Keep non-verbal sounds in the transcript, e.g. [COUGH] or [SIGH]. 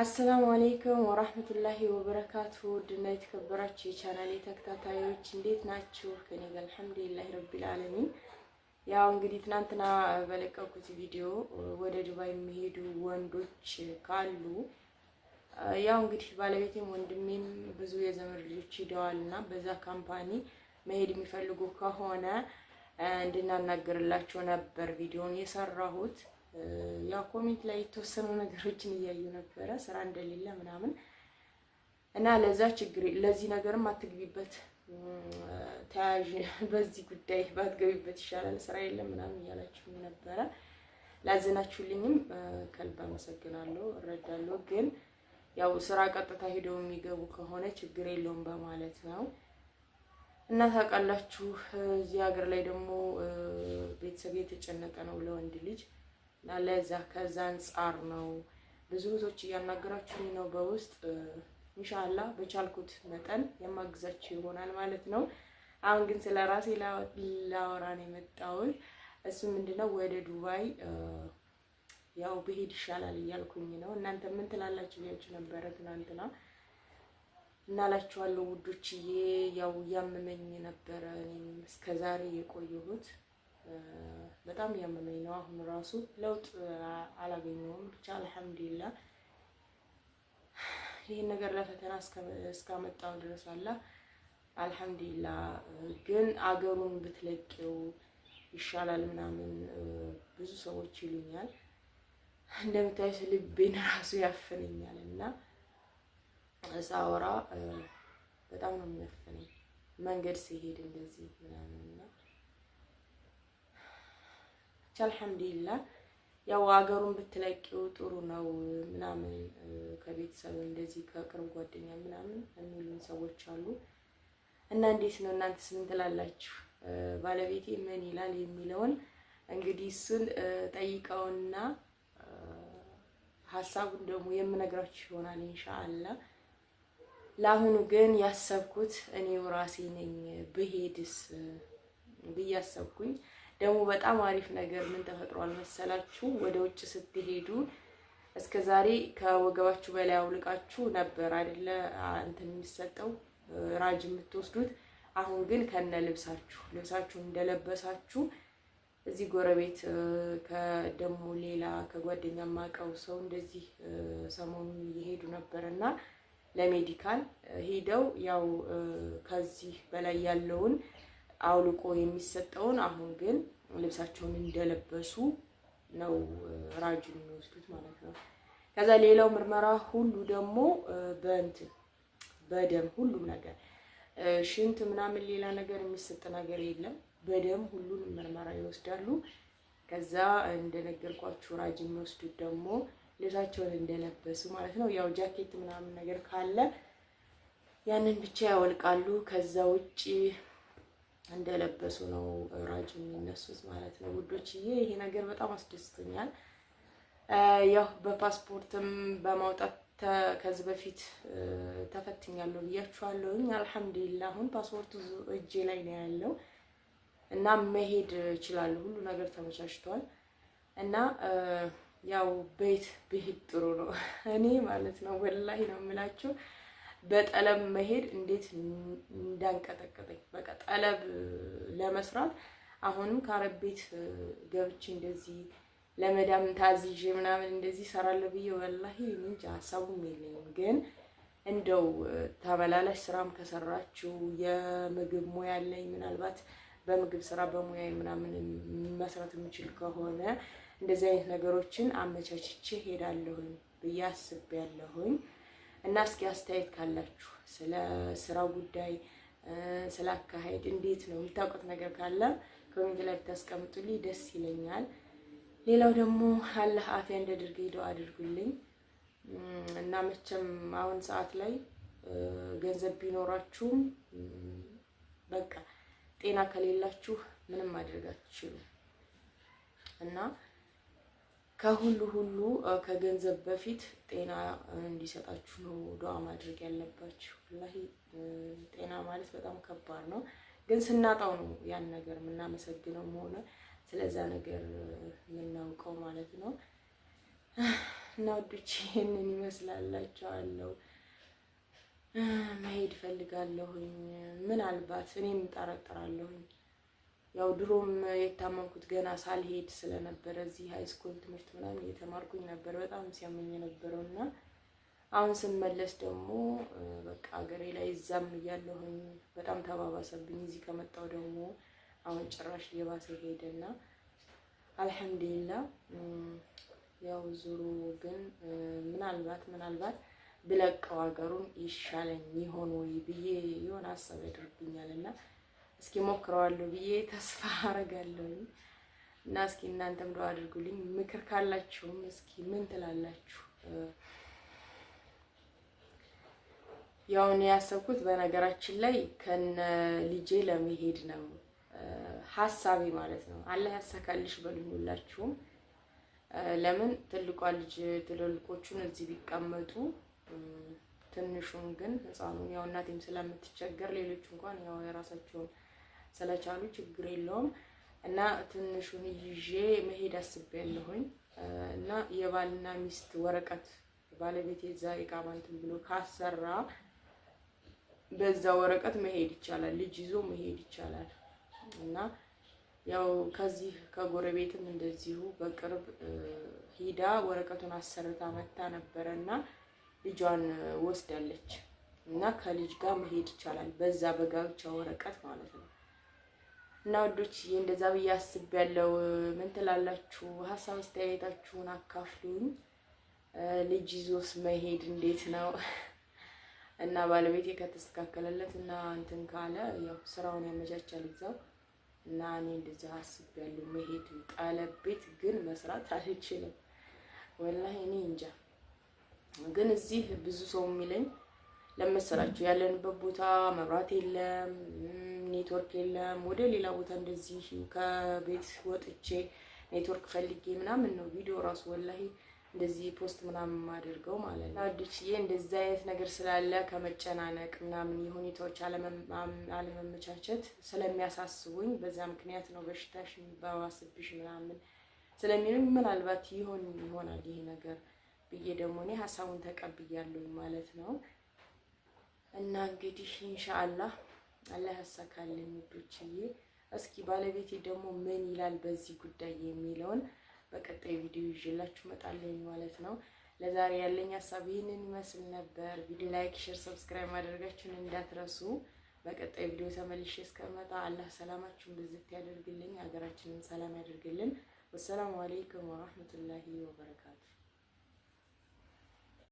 አሰላሙ አሌይኩም ወራህመቱላሂ ወበረካቱ። ውድና የተከበራችሁ የቻናሌ ተከታታዮች እንዴት ናችሁ? ከኔ ጋር አልሐምዱሊላሂ ረቢል ዓለሚን። ያው እንግዲህ ትናንትና በለቀኩት ቪዲዮ ወደ ዱባይ የሚሄዱ ወንዶች ካሉ ያው እንግዲህ ባለቤቴም ወንድሜም ብዙ የዘመድ ልጆች ሂደዋል እና በዛ ካምፓኒ መሄድ የሚፈልጉ ከሆነ እንድናናገርላቸው ነበር ቪዲዮን የሰራሁት ያው ኮሜንት ላይ የተወሰኑ ነገሮችን እያዩ ነበረ ስራ እንደሌለ ምናምን እና ለዛ ችግር ለዚህ ነገርም አትግቢበት ተያዥ [LAUGHS] በዚህ ጉዳይ ባትገቢበት ይሻላል፣ ስራ የለም ምናምን እያላችሁ ነበረ። ላዘናችሁልኝም ከልብ አመሰግናለሁ፣ እረዳለሁ። ግን ያው ስራ ቀጥታ ሄደው የሚገቡ ከሆነ ችግር የለውም በማለት ነው እና ታውቃላችሁ፣ እዚህ ሀገር ላይ ደግሞ ቤተሰብ የተጨነቀ ነው ለወንድ ልጅ እና ለዛ ከዛ አንጻር ነው ብዙ እህቶች እያናገራችሁኝ ነው በውስጥ ኢንሻአላህ በቻልኩት መጠን የማግዛችሁ ይሆናል ማለት ነው። አሁን ግን ስለ ራሴ ላውራን የመጣው እሱ ምንድነው ወደ ዱባይ ያው ብሄድ ይሻላል እያልኩኝ ነው። እናንተ ምን ትላላችሁ ብያችሁ ነበረ ትናንትና እናላችኋለሁ ውዶችዬ። ያው እያመመኝ ነበረ እስከዛሬ የቆየሁት በጣም ያመመኝ ነው። አሁን ራሱ ለውጥ አላገኘውም። ብቻ አልሐምዱሊላ ይህን ነገር ለፈተና እስካመጣው ድረስ አላ አልሐምዱሊላ። ግን አገሩን ብትለቂው ይሻላል ምናምን ብዙ ሰዎች ይሉኛል። እንደምታዩት ልቤን ራሱ ያፍነኛል እና ሳወራ በጣም ነው የሚያፍነኝ መንገድ ሲሄድ እንደዚህ ምናምን አልሐምዱሊላህ ያው አገሩን ብትለቂው ጥሩ ነው ምናምን ከቤተሰብ እንደዚህ ከቅርብ ጓደኛ ምናምን የሚሉን ሰዎች አሉ። እና እንዴት ነው እናንተ ምን ትላላችሁ? ባለቤቴ ምን ይላል የሚለውን እንግዲህ እሱን ጠይቀውና ሀሳቡን ደግሞ የምነግራችሁ ይሆናል ኢንሻአላ። ለአሁኑ ግን ያሰብኩት እኔው ራሴ ነኝ ብሄድስ ብዬ አሰብኩኝ። ደግሞ በጣም አሪፍ ነገር ምን ተፈጥሯል መሰላችሁ? ወደ ውጭ ስትሄዱ እስከ ዛሬ ከወገባችሁ በላይ አውልቃችሁ ነበር አይደለ? እንትን የሚሰጠው ራጅ የምትወስዱት። አሁን ግን ከነ ልብሳችሁ ልብሳችሁን እንደለበሳችሁ እዚህ ጎረቤት ከደሞ ሌላ ከጓደኛ ማቀው ሰው እንደዚህ ሰሞኑ እየሄዱ ነበር እና ለሜዲካል ሄደው ያው ከዚህ በላይ ያለውን አውልቆ የሚሰጠውን አሁን ግን ልብሳቸውን እንደለበሱ ነው ራጁን የሚወስዱት ማለት ነው። ከዛ ሌላው ምርመራ ሁሉ ደግሞ በእንትን በደም ሁሉም ነገር ሽንት ምናምን ሌላ ነገር የሚሰጥ ነገር የለም። በደም ሁሉን ምርመራ ይወስዳሉ። ከዛ እንደነገርኳችሁ ራጅ የሚወስዱት ደግሞ ልብሳቸውን እንደለበሱ ማለት ነው። ያው ጃኬት ምናምን ነገር ካለ ያንን ብቻ ያወልቃሉ። ከዛ ውጭ እንደለበሱ ነው ራጅ የሚነሱት ማለት ነው ውዶችዬ። ይሄ ነገር በጣም አስደስቶኛል። ያው በፓስፖርትም በማውጣት ከዚህ በፊት ተፈትኛለሁ ብያችኋለሁኝ። አልሐምዱሊላ አሁን ፓስፖርቱ እጄ ላይ ነው ያለው እና መሄድ እችላለሁ። ሁሉ ነገር ተመቻችቷል እና ያው ቤት ብሄድ ጥሩ ነው [LAUGHS] እኔ ማለት ነው። ወላሂ ነው የምላችሁ በጠለብ መሄድ እንዴት እንዳንቀጠቀጠኝ በቃ ጠለብ ለመስራት አሁንም ከአረብ ቤት ገብቼ እንደዚህ ለመዳም ታዝዤ ምናምን እንደዚህ እሰራለሁ ብዬ ወላሂ እንጃ ሀሳቡም የለኝም። ግን እንደው ተመላላሽ ስራም ከሰራችው የምግብ ሙያ አለኝ ምናልባት በምግብ ስራ በሙያ ምናምን መስራት የምችል ከሆነ እንደዚህ አይነት ነገሮችን አመቻችቼ ሄዳለሁኝ ብዬ አስቤያለሁኝ። እና እስኪ አስተያየት ካላችሁ ስለ ስራ ጉዳይ፣ ስለ አካሄድ እንዴት ነው የምታውቁት ነገር ካለ ኮሜንት ላይ ብታስቀምጡልኝ ደስ ይለኛል። ሌላው ደግሞ አላህ አፍያ እንደ ድርግ አድርጉልኝ እና መቼም አሁን ሰዓት ላይ ገንዘብ ቢኖራችሁም በቃ ጤና ከሌላችሁ ምንም ማድረግ አትችሉም እና ከሁሉ ሁሉ ከገንዘብ በፊት ጤና እንዲሰጣችሁ ነው ዱዓ ማድረግ ያለባችሁ። ወላሂ ጤና ማለት በጣም ከባድ ነው፣ ግን ስናጣው ነው ያን ነገር የምናመሰግነው ሆነ ስለዛ ነገር የምናውቀው ማለት ነው። እና ውዶች ይህንን ይመስላላቸዋለሁ። መሄድ ፈልጋለሁኝ። ምናልባት እኔም ጠረጥራለሁኝ ያው ድሮም የታመምኩት ገና ሳልሄድ ስለነበረ እዚህ ሃይስኩል ትምህርት ምናምን እየተማርኩኝ ነበር። በጣም ሲያመኝ የነበረው እና አሁን ስመለስ ደግሞ በቃ አገሬ ላይ እዛም እያለሁኝ በጣም ተባባሰብኝ። እዚህ ከመጣው ደግሞ አሁን ጭራሽ እየባሰ ሄደና አልሐምዱሊላ ያው ዙሩ ግን ምናልባት ምናልባት ብለቀው ሀገሩን ይሻለኝ ይሆን ወይ ብዬ የሆነ ሀሳብ ያደርግኛል እና እስኪ ሞክረዋለሁ ብዬ ተስፋ አረጋለሁ እና እስኪ እናንተም ዱአ አድርጉልኝ። ምክር ካላችሁም እስኪ ምን ትላላችሁ? ያውን ያሰብኩት በነገራችን ላይ ከነ ልጄ ለመሄድ ነው ሀሳቢ ማለት ነው። አላህ ያሳካልሽ በሉኝ ሁላችሁም። ለምን ትልቋ ልጅ ትልልቆቹን እዚህ ቢቀመጡ ትንሹን ግን ህፃኑን ያው እናቴም ስለምትቸገር ሌሎች እንኳን ያው የራሳቸውን ስለቻሉ ችግር የለውም እና ትንሹን ይዤ መሄድ አስቤያለሁኝ እና የባልና ሚስት ወረቀት ባለቤት የዛ ኢቃማ ብሎ ካሰራ በዛ ወረቀት መሄድ ይቻላል፣ ልጅ ይዞ መሄድ ይቻላል እና ያው ከዚህ ከጎረቤትም እንደዚሁ በቅርብ ሂዳ ወረቀቱን አሰርታ መታ ነበረ እና ልጇን ወስዳለች እና ከልጅ ጋር መሄድ ይቻላል በዛ በጋብቻ ወረቀት ማለት ነው። እና ወዶች እንደዛ ብዬ ያለው ምን ትላላችሁ? ሀሳብ አስተያየታችሁን አካፍሉኝ። ልጅ ይዞስ መሄድ እንዴት ነው? [LAUGHS] እና ባለቤቴ ከተስተካከለለት እና እንትን ካለ ያው ስራውን ያመቻቻል እዛው እና እኔ እንደዛ አስቤያለሁ። መሄድ ጣለቤት ግን መስራት [LAUGHS] አልችልም። ወላሂ እኔ እንጃ። ግን እዚህ ብዙ ሰው የሚለኝ ለመሰላችሁ ያለንበት ቦታ መብራት የለም፣ ኔትወርክ የለም። ወደ ሌላ ቦታ እንደዚህ ከቤት ወጥቼ ኔትወርክ ፈልጌ ምናምን ነው ቪዲዮ ራሱ ወላሂ እንደዚህ ፖስት ምናምን አድርገው ማለት ነው። አዲስዬ እንደዚህ አይነት ነገር ስላለ ከመጨናነቅ ምናምን የሁኔታዎች አለመመቻቸት ስለሚያሳስቡኝ በዛ ምክንያት ነው በሽታሽ የሚባባስብሽ ምናምን ስለሚሉኝ ምናልባት ይሆን ይሆናል ይሄ ነገር ብዬ ደግሞ እኔ ሀሳቡን ተቀብያለሁ ማለት ነው። እና እንግዲህ ኢንሻአላህ አላህ ያሳካልን ውዶችዬ። እስኪ ባለቤቴ ደግሞ ምን ይላል በዚህ ጉዳይ የሚለውን በቀጣይ ቪዲዮ ይዤላችሁ እመጣለሁ ማለት ነው። ለዛሬ ያለኝ ሀሳብ ይህንን ይመስል ነበር። ቪዲዮ ላይክ፣ ሼር፣ ሰብስክራይብ ማድረጋችሁን እንዳትረሱ። በቀጣይ ቪዲዮ ተመልሼ እስከመጣ አላህ ሰላማችሁን ብዝት ያደርግልኝ፣ ሀገራችንን ሰላም ያደርግልን። ወሰላሙ አለይኩም ወራህመቱላሂ ወበረካቱ።